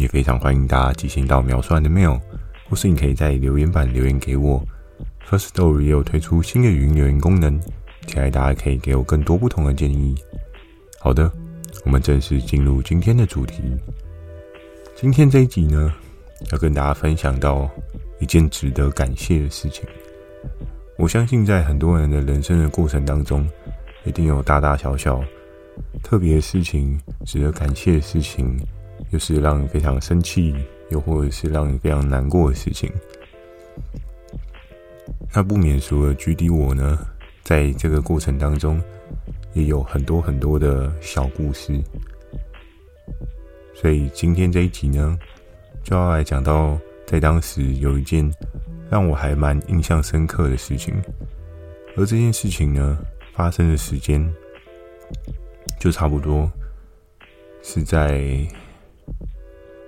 也非常歡迎大家寄信到描述的 mail，或是你可以在留言板留言給我。Firstory 也有推出新的語音留言功能，期待大家可以給我更多不同的建議。好的，我們正式進入今天的主題。今天這一集呢，要跟大家分享到一件值得感謝的事情。我相信在很多人的人生的過程當中，一定有大大小小特別的事情，值得感謝的事情。又是讓你非常生氣，又或者是讓你非常難過的事情。那不免俗的 GD 我呢，在這個過程當中，也有很多很多的小故事。所以今天這一集呢，就要來講到，在當時有一件讓我還蠻印象深刻的事情。而這件事情呢，發生的時間，就差不多是在。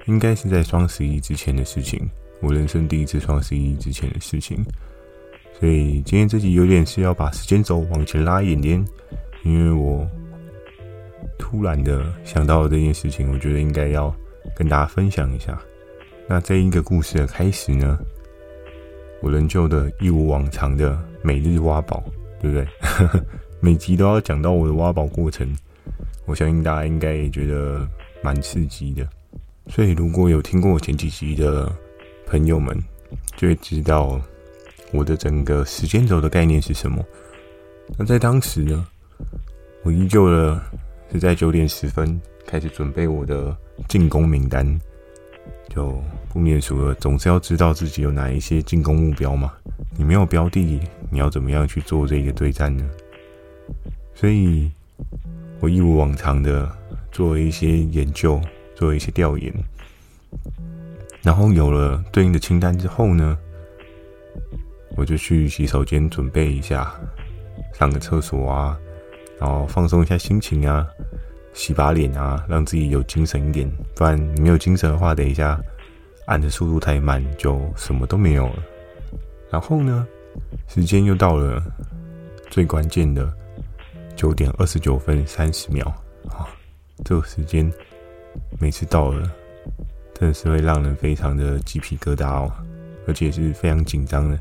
應該是在雙十一之前的事情，我人生第一次雙十一之前的事情，所以今天這集有點是要把時間軸往前拉一點點，因為我突然的想到了這件事情，我覺得應該要跟大家分享一下。那這一個故事的開始呢，我仍舊的一如往常的每日挖寶，對不對？ 每集都要講到我的挖寶過程，我相信大家應該也覺得蠻刺激的。所以，如果有聽過我前幾集的朋友們，就會知道我的整個時間軸的概念是什麼。那在當時呢，我依舊的是在九點十分開始準備我的進攻名單，就不免俗了，總是要知道自己有哪一些進攻目標嘛。你沒有標的，你要怎麼樣去做這個對戰呢？所以，我一如往常的做了一些研究。做一些調研，然後有了對應的清單之後呢，我就去洗手間準備一下，上個廁所啊，然後放鬆一下心情啊，洗把臉啊，讓自己有精神一點。不然沒有精神的話，等一下按的速度太慢，就什麼都沒有了。然後呢，時間又到了最關鍵的九點二十九分三十秒啊，這個時間。每次到了，真的是會讓人非常的雞皮疙瘩哦，而且也是非常緊張的，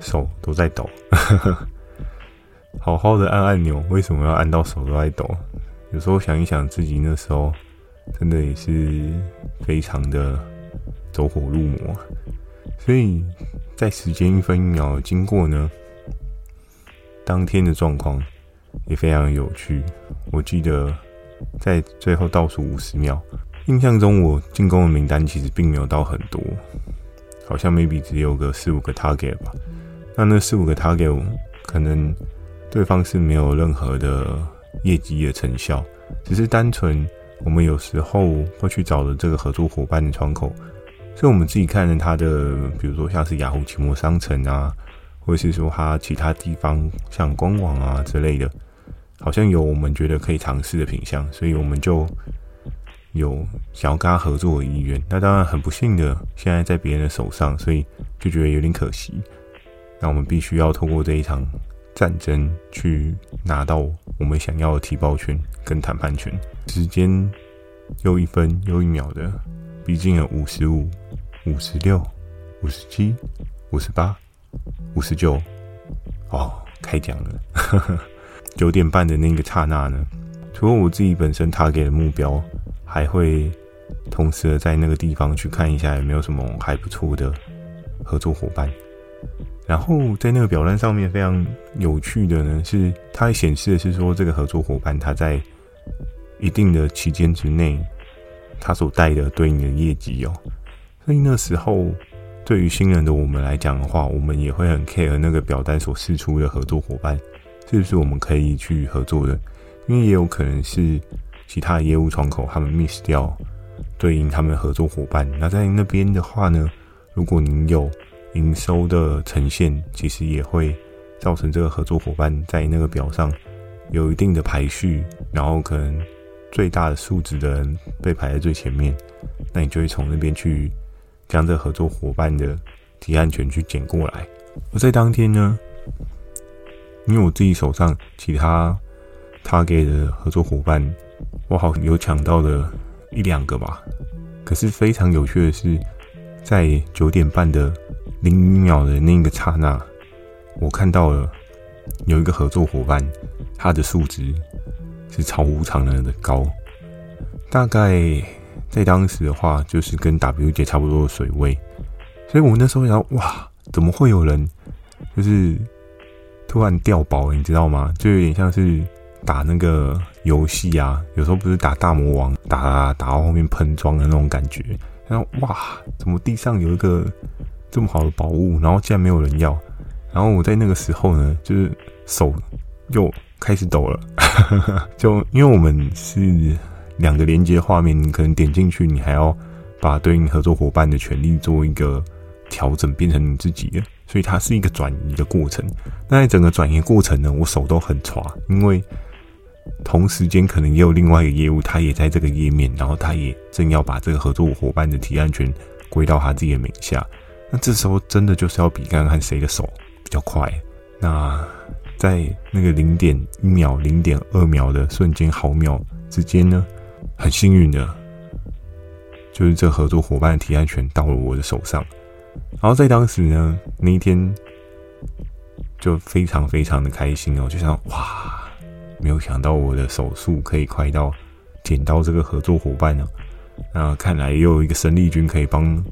手都在抖。 好好的按按鈕，為什麼要按到手都在抖？有時候想一想自己那時候，真的也是非常的走火入魔。所以在時間一分一秒的經過呢，當天的狀況也非常有趣。我記得。在最後倒數五十秒，印象中我進攻的名單其實並沒有到很多，好像 maybe 只有個四五個 target 吧。那那四五個 target，可能對方是沒有任何的業績的成效，只是單純我們有時候會去找的這個合作夥伴的窗口，所以我們自己看的他的，比如說像是雅虎奇摩商城啊，或者是說他其他地方像官網啊之類的。好像有我們覺得可以嘗試的品相，所以我們就有想要跟他合作的意願。那當然很不幸的，現在在別人的手上，所以就覺得有點可惜。那我們必須要透過這一場戰爭去拿到我們想要的提報權跟談判權。時間又一分又一秒的逼近了，五十五、五十六、五十七、五十八、五十九，哦，開獎了！ 九點半的那個剎那呢，除了我自己本身 target 的目標，還會同時的在那個地方去看一下有沒有什麼還不錯的合作夥伴。然後在那個表單上面非常有趣的呢，是它顯示的是說這個合作夥伴他在一定的期間之內，他所帶的對應的業績哦、喔。所以那時候對於新人的我們來講的話，我們也會很 care 那個表單所釋出的合作夥伴。是不是我們可以去合作的？因為也有可能是其他業務窗口他們 miss 掉對應他們的合作夥伴。那在那邊的話呢，如果您有營收的呈現，其實也會造成這個合作夥伴在那個表上有一定的排序，然後可能最大的數值的人被排在最前面，那你就會從那邊去將這個合作夥伴的提案權去撿過來。而在當天呢，因為我自己手上其他 target 的合作夥伴，我好像有搶到了一兩個吧。可是非常有趣的是，在九點半的零一秒的那個剎那，我看到了有一個合作夥伴，他的數值是超乎常人的高，大概在當時的話就是跟 WG 差不多的水位。所以我那時候想到，哇，怎麼會有人就是，突然掉寶，你知道嗎？就有點像是打那個遊戲啊，有時候不是打大魔王，打打到後面噴裝的那種感覺。然後哇，怎麼地上有一個這麼好的寶物，然後竟然沒有人要？然後我在那個時候呢，就是手又開始抖了。 就因為我們是兩個連接畫面，你可能點進去，你還要把對應合作夥伴的權利做一個調整，變成你自己了。所以它是一個轉移的過程。那在整個轉移過程呢，我手都很抓，因為同時間可能也有另外一個業務，他也在這個頁面，然後他也正要把這個合作夥伴的提案權歸到他自己的名下。那這時候真的就是要比看看誰的手比較快。那在那個零點一秒、零點二秒的瞬間毫秒之間呢，很幸運的，就是這個合作夥伴的提案權到了我的手上。然後在當時呢，那一天就非常非常的開心哦，就像哇，沒有想到我的手速可以快到撿到這個合作夥伴呢、啊，那、呃、看來又有一個生力軍可以幫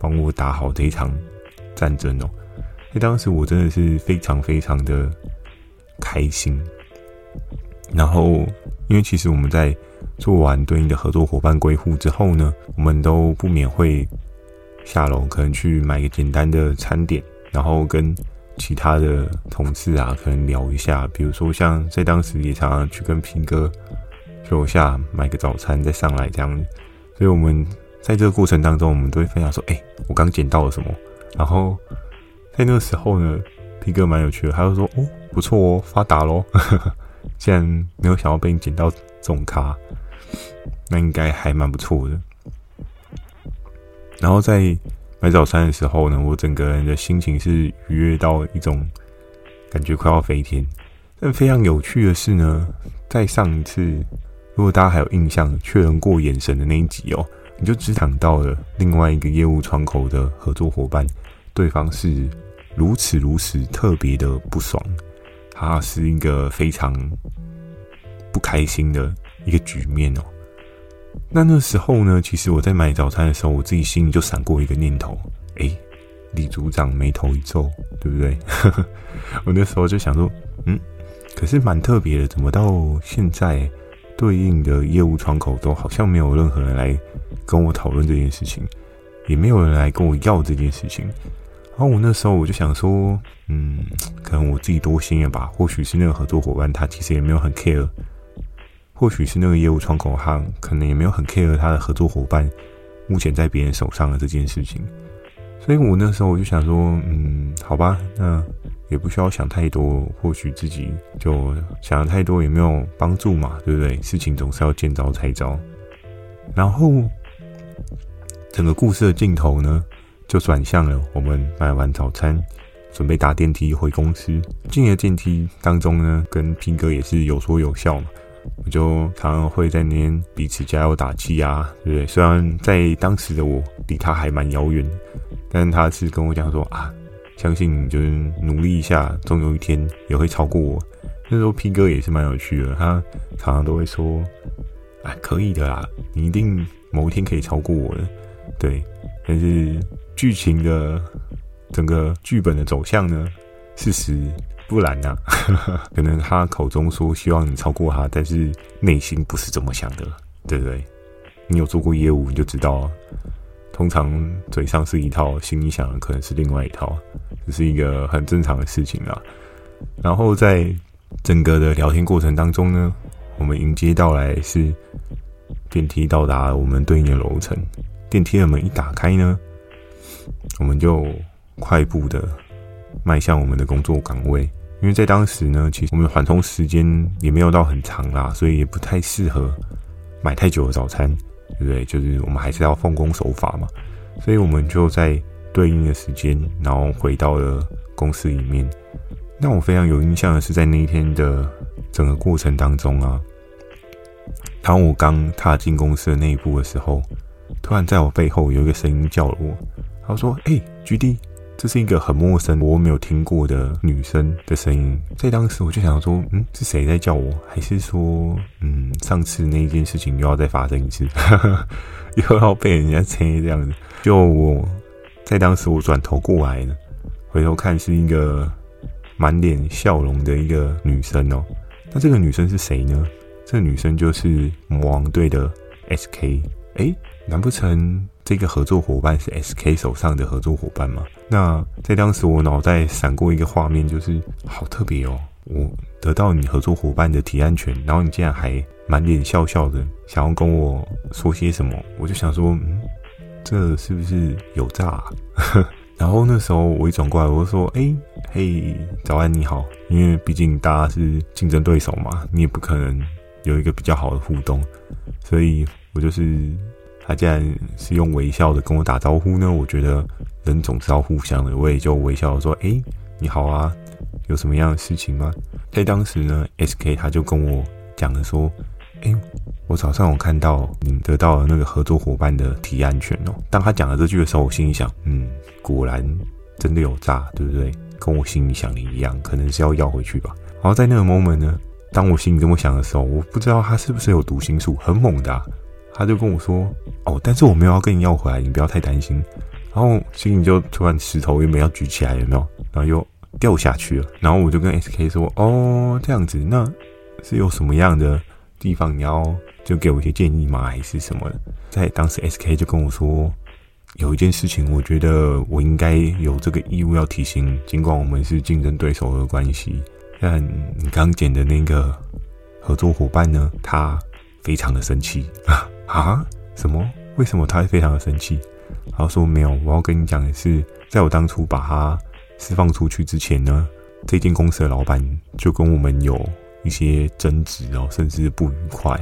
幫我打好這一場戰爭哦。那、哎、當時我真的是非常非常的開心。然後因為其實我們在做完對應的合作夥伴歸戶之後呢，我們都不免會。下樓可能去買個簡單的餐點，然後跟其他的同事啊，可能聊一下。比如說像在當時也常常去跟平哥去樓下買個早餐再上來這樣子。所以我們在這個過程當中，我們都會分享說：“哎、欸，我剛撿到了什麼。”然後在那個時候呢，平哥蠻有趣的，他就說：“哦，不錯哦，發達嘍！ 竟然沒有想到被你撿到這種卡，那應該還蠻不錯的。”然後在買早餐的時候呢，我整個人的心情是愉悅到一種感覺快要飛天。但非常有趣的是呢，在上一次，如果大家還有印象，確認過眼神的那一集哦，你就只想到了另外一個業務窗口的合作夥伴，對方是如此如此特別的不爽，他是一個非常不開心的一個局面哦。那那時候呢，其實我在買早餐的時候，我自己心裡就閃過一個念頭。誒、欸，李組長眉頭一皺，對不對？ 我那時候就想說，嗯，可是蠻特別的，怎麼到現在對應的業務窗口都好像沒有任何人來跟我討論這件事情，也沒有人來跟我要這件事情。然後我那時候我就想說，嗯，可能我自己多心了吧？或許是那個合作夥伴他其實也沒有很 care。或許是那個業務窗口，他可能也沒有很 care 他的合作夥伴目前在別人手上的這件事情，所以我那時候我就想說，嗯，好吧，那也不需要想太多，或許自己就想的太多也沒有幫助嘛，對不對？事情總是要見招拆招。然後整個故事的鏡頭呢，就轉向了，我們買完早餐，準備打電梯回公司，進了電梯當中呢，跟平哥也是有說有笑嘛。我就常常會在那邊彼此加油打氣呀、啊，對不對？雖然在當時的我離他還蠻遙遠，但他是跟我講說啊，相信你就是努力一下，總有一天也會超過我。那時候 P 哥也是蠻有趣的，他常常都會說，啊，可以的啦，你一定某一天可以超過我的，對。但是劇情的整個劇本的走向呢，事實。不然呢、啊？可能他口中說希望你超過他，但是內心不是這麼想的，對不對？你有做過業務，你就知道、啊，通常嘴上是一套，心裡想的可能是另外一套，這是一個很正常的事情啊。然後在整個的聊天過程當中呢，我們迎接到來是電梯到達我們對應的樓層，電梯的門一打開呢，我們就快步的邁向我們的工作崗位。因為在當時呢，其實我們緩衝時間也沒有到很長啦，所以也不太適合買太久的早餐，對不對？就是我們還是要奉公守法嘛，所以我們就在對應的時間，然後回到了公司裡面。那我非常有印象的是，在那一天的整個過程當中啊，當我剛踏進公司的內部的時候，突然在我背後有一個聲音叫了我，他說：“誒、欸、GD。”這是一個很陌生、我沒有聽過的女生的聲音，在當時我就想說，嗯，是誰在叫我？還是說，嗯，上次那一件事情又要再發生一次， 又要被人家切這樣子？就我在當時我轉頭過來呢，回頭看是一個滿臉笑容的一個女生哦、喔，那這個女生是誰呢？這個、女生就是魔王隊的 SK，哎、欸，難不成？這個合作夥伴是 SK 手上的合作夥伴嗎？那在當時我腦袋閃過一個畫面，就是好特別哦，我得到你合作夥伴的提案權，然後你竟然還滿臉笑笑的想要跟我說些什麼，我就想說，嗯、這是不是有詐、啊？ 然後那時候我一轉過來，我就說，誒、欸、嘿，早安，你好，因為畢竟大家是競爭對手嘛，你也不可能有一個比較好的互動，所以我就是。他竟然是用微笑的跟我打招呼呢，我覺得人總是要互相的，我也就微笑的說：“哎，你好啊，有什麼樣的事情嗎？”在當時呢，SK 他就跟我講了說：“哎，我早上有看到你得到了那個合作夥伴的提案權哦。”當他講了這句的時候，我心裡想：“嗯，果然真的有詐，對不對？跟我心裡想的一樣，可能是要要回去吧。”然後在那個 moment 呢，當我心裡這麼想的時候，我不知道他是不是有讀心術，很猛的，啊。他就跟我說：“哦，但是我沒有要跟你要回來，你不要太擔心。”然後心裡就突然石頭又沒有要舉起來，有沒有？然後又掉下去了。然後我就跟 SK 說：“哦，這樣子，那是有什麼樣的地方你要就給我一些建議嗎？還是什麼的？”在當時 SK 就跟我說：“有一件事情，我覺得我應該有這個義務要提醒，儘管我們是競爭對手的關係，但你剛撿的那個合作夥伴呢，他非常的生氣啊。 ”啊？什麼？為什麼他會非常的生氣？然後說沒有，我要跟你講的是，在我當初把他釋放出去之前呢，這間公司的老闆就跟我們有一些爭執，哦，然後甚至不愉快。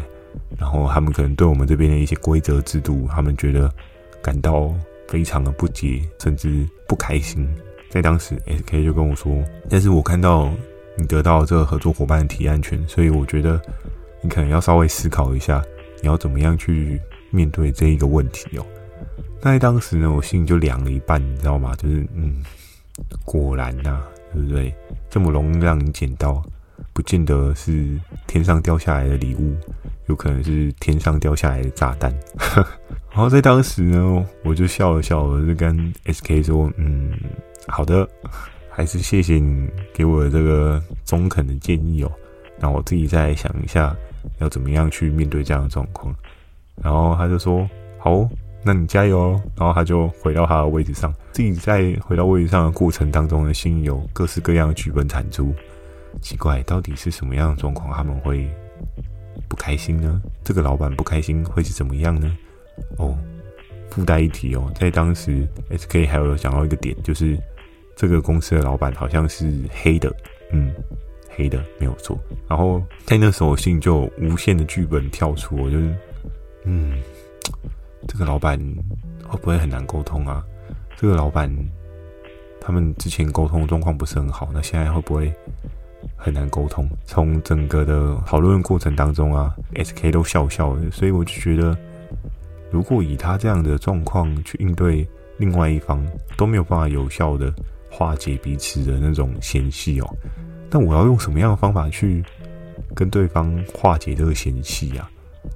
然後他們可能對我們這邊的一些規則制度，他們覺得感到非常的不解，甚至不開心。在當時，SK 就跟我說，但是我看到你得到這個合作夥伴的提案權，所以我覺得你可能要稍微思考一下。你要怎麼樣去面對這一個問題哦？那在當時呢，我心裡就涼了一半，你知道嗎？就是嗯，果然吶、啊，對不對？這麼容易讓你撿到，不見得是天上掉下來的禮物，有可能是天上掉下來的炸彈。 然後在當時呢，我就笑了笑了，我就跟 SK 說：“嗯，好的，還是謝謝你給我的這個中肯的建議哦。”那我自己再想一下，要怎麼樣去面對這樣的狀況。然後他就說好：“好，那你加油哦。”然後他就回到他的位置上，自己在回到位置上的過程當中的心有各式各樣的劇本產出。奇怪，到底是什麼樣的狀況他們會不開心呢？這個老闆不開心會是怎麼樣呢？哦，附帶一提哦，在當時 SK 還有想到一個點，就是這個公司的老闆好像是黑的，嗯。黑的沒有錯，然後在那時候，我心裡就有無限的劇本跳出，我就是，嗯，這個老闆會不會很難溝通啊？這個老闆他們之前溝通的狀況不是很好，那現在會不會很難溝通？從整個的討論過程當中啊，SK 都笑笑的，所以我就覺得，如果以他這樣的狀況去應對另外一方，都沒有辦法有效的化解彼此的那種嫌隙哦。但我要用什麼樣的方法去跟對方化解這個嫌隙啊？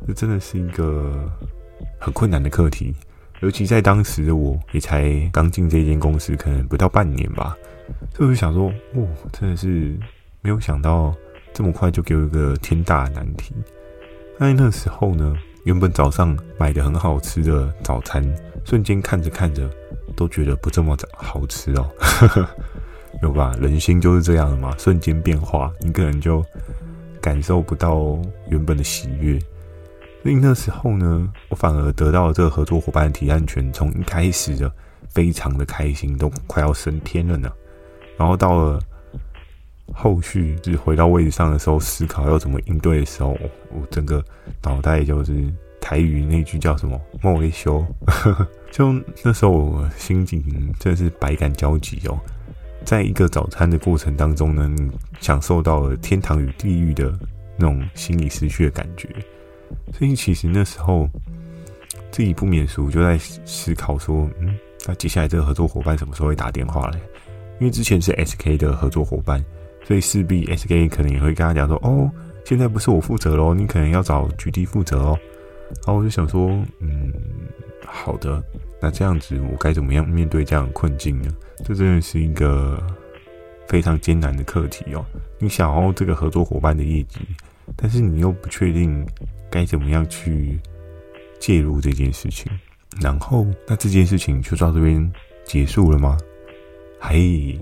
這真的是一個很困難的課題，尤其在當時的我也才剛進這間公司，可能不到半年吧。所以我就想說，哦，真的是沒有想到這麼快就給我一個天大的難題。那在那時候呢，原本早上買的很好吃的早餐，瞬間看着看着都覺得不這麼好吃哦。 有吧？人心就是這樣的嘛，瞬間變化，你可能就感受不到原本的喜悅。所以那時候呢，我反而得到了這個合作夥伴的提案權，從一開始就非常的開心，都快要升天了呢。然後到了後續，就是回到位置上的時候，思考要怎麼應對的時候，我整個腦袋就是台語那句叫什麼“莫維修”， 就那時候我心情真的是百感交集哦。在一個早餐的過程當中呢，享受到了天堂與地獄的那種心理失去的感覺。所以其實那時候自己不免俗，就在思考說，嗯，那接下來這個合作夥伴什麼時候會打電話來？因為之前是 SK 的合作夥伴，所以勢必 SK 可能也會跟他講說，哦，現在不是我負責咯，你可能要找 GD 負責哦。然後我就想說，嗯，好的。那這樣子，我該怎麼樣面對這樣的困境呢？這真的是一個非常艱難的課題哦。你想要這個合作夥伴的業績，但是你又不確定該怎麼樣去介入這件事情。然後，那這件事情就到這邊結束了嗎？嘿，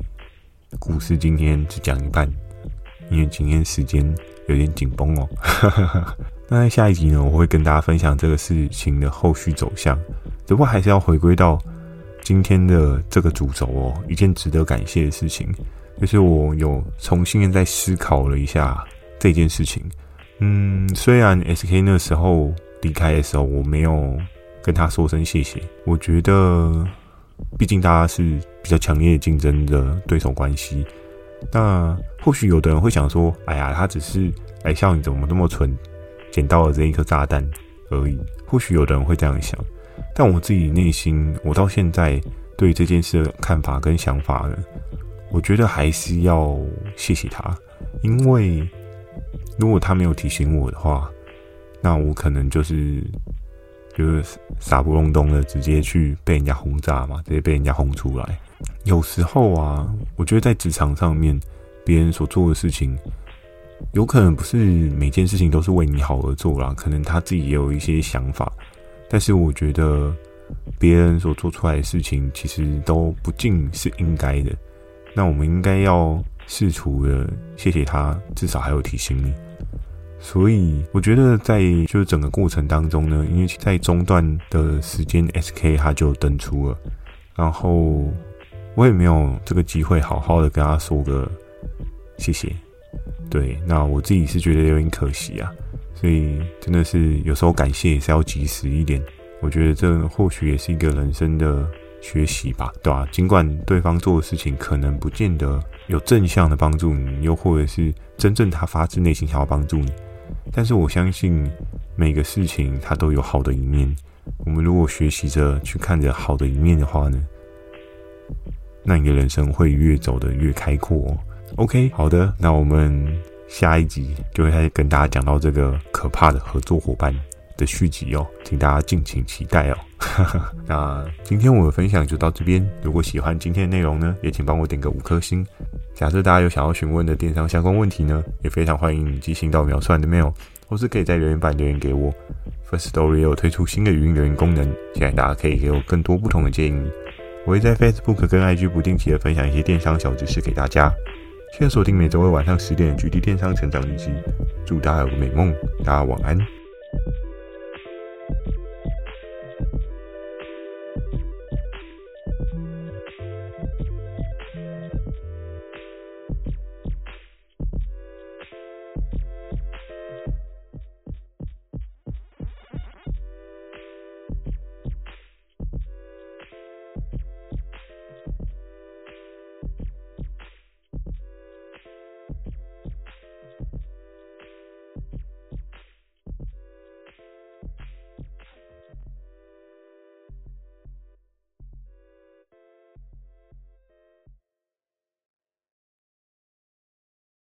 故事今天只講一半，因為今天時間有點緊繃哦。 那下一集呢，我會跟大家分享這個事情的後續走向。只不過還是要回歸到今天的這個主軸哦。一件值得感謝的事情，就是我有重新再思考了一下這件事情。嗯，雖然 SK 那時候離開的時候，我沒有跟他說聲謝謝。我覺得，畢竟大家是比較強烈競爭的對手關係。那或許有的人會想說：“哎呀，他只是來笑，你怎麼那麼蠢，撿到了這一顆炸彈而已。”或許有的人會這樣想。但我自己內心，我到現在對這件事的看法跟想法呢，我覺得還是要謝謝他，因為如果他沒有提醒我的話，那我可能就是就是傻不隆咚的直接去被人家轟炸嘛，直接被人家轟出來。有時候啊，我覺得在職場上面，別人所做的事情，有可能不是每件事情都是為你好而做啦，可能他自己也有一些想法。但是我覺得別人所做出來的事情其實都不盡是應該的，那我們應該要試圖的謝謝他，至少還有提醒你。所以我覺得在就是整個過程當中呢，因為在中段的時間，SK 他就登出了，然後我也沒有這個機會好好的跟他說個謝謝。對，那我自己是覺得有點可惜啊。所以真的是有時候感謝也是要及時一點，我覺得這或許也是一個人生的學習吧，對啊，儘管對方做的事情可能不見得有正向的幫助你，又或者是真正他發自內心想要幫助你，但是我相信每個事情它都有好的一面。我們如果學習着去看着好的一面的話呢，那你的人生會越走得越開闊。哦。OK，好的，那我們。下一集就會開始跟大家講到這個可怕的合作夥伴的續集哦，請大家敬請期待哦。 那今天我的分享就到這邊，如果喜歡今天的內容呢，也請幫我點個五顆星。假設大家有想要詢問的電商相關問題呢，也非常歡迎寄信到描述的 mail，或是可以在留言板留言給我。Firstory 有推出新的語音留言功能，期待大家可以給我更多不同的建議。我會在 Facebook 跟 IG 不定期的分享一些電商小知識給大家。現鎖定每週二晚上十點《GD 電商成長日記》，祝大家有個美夢，大家晚安。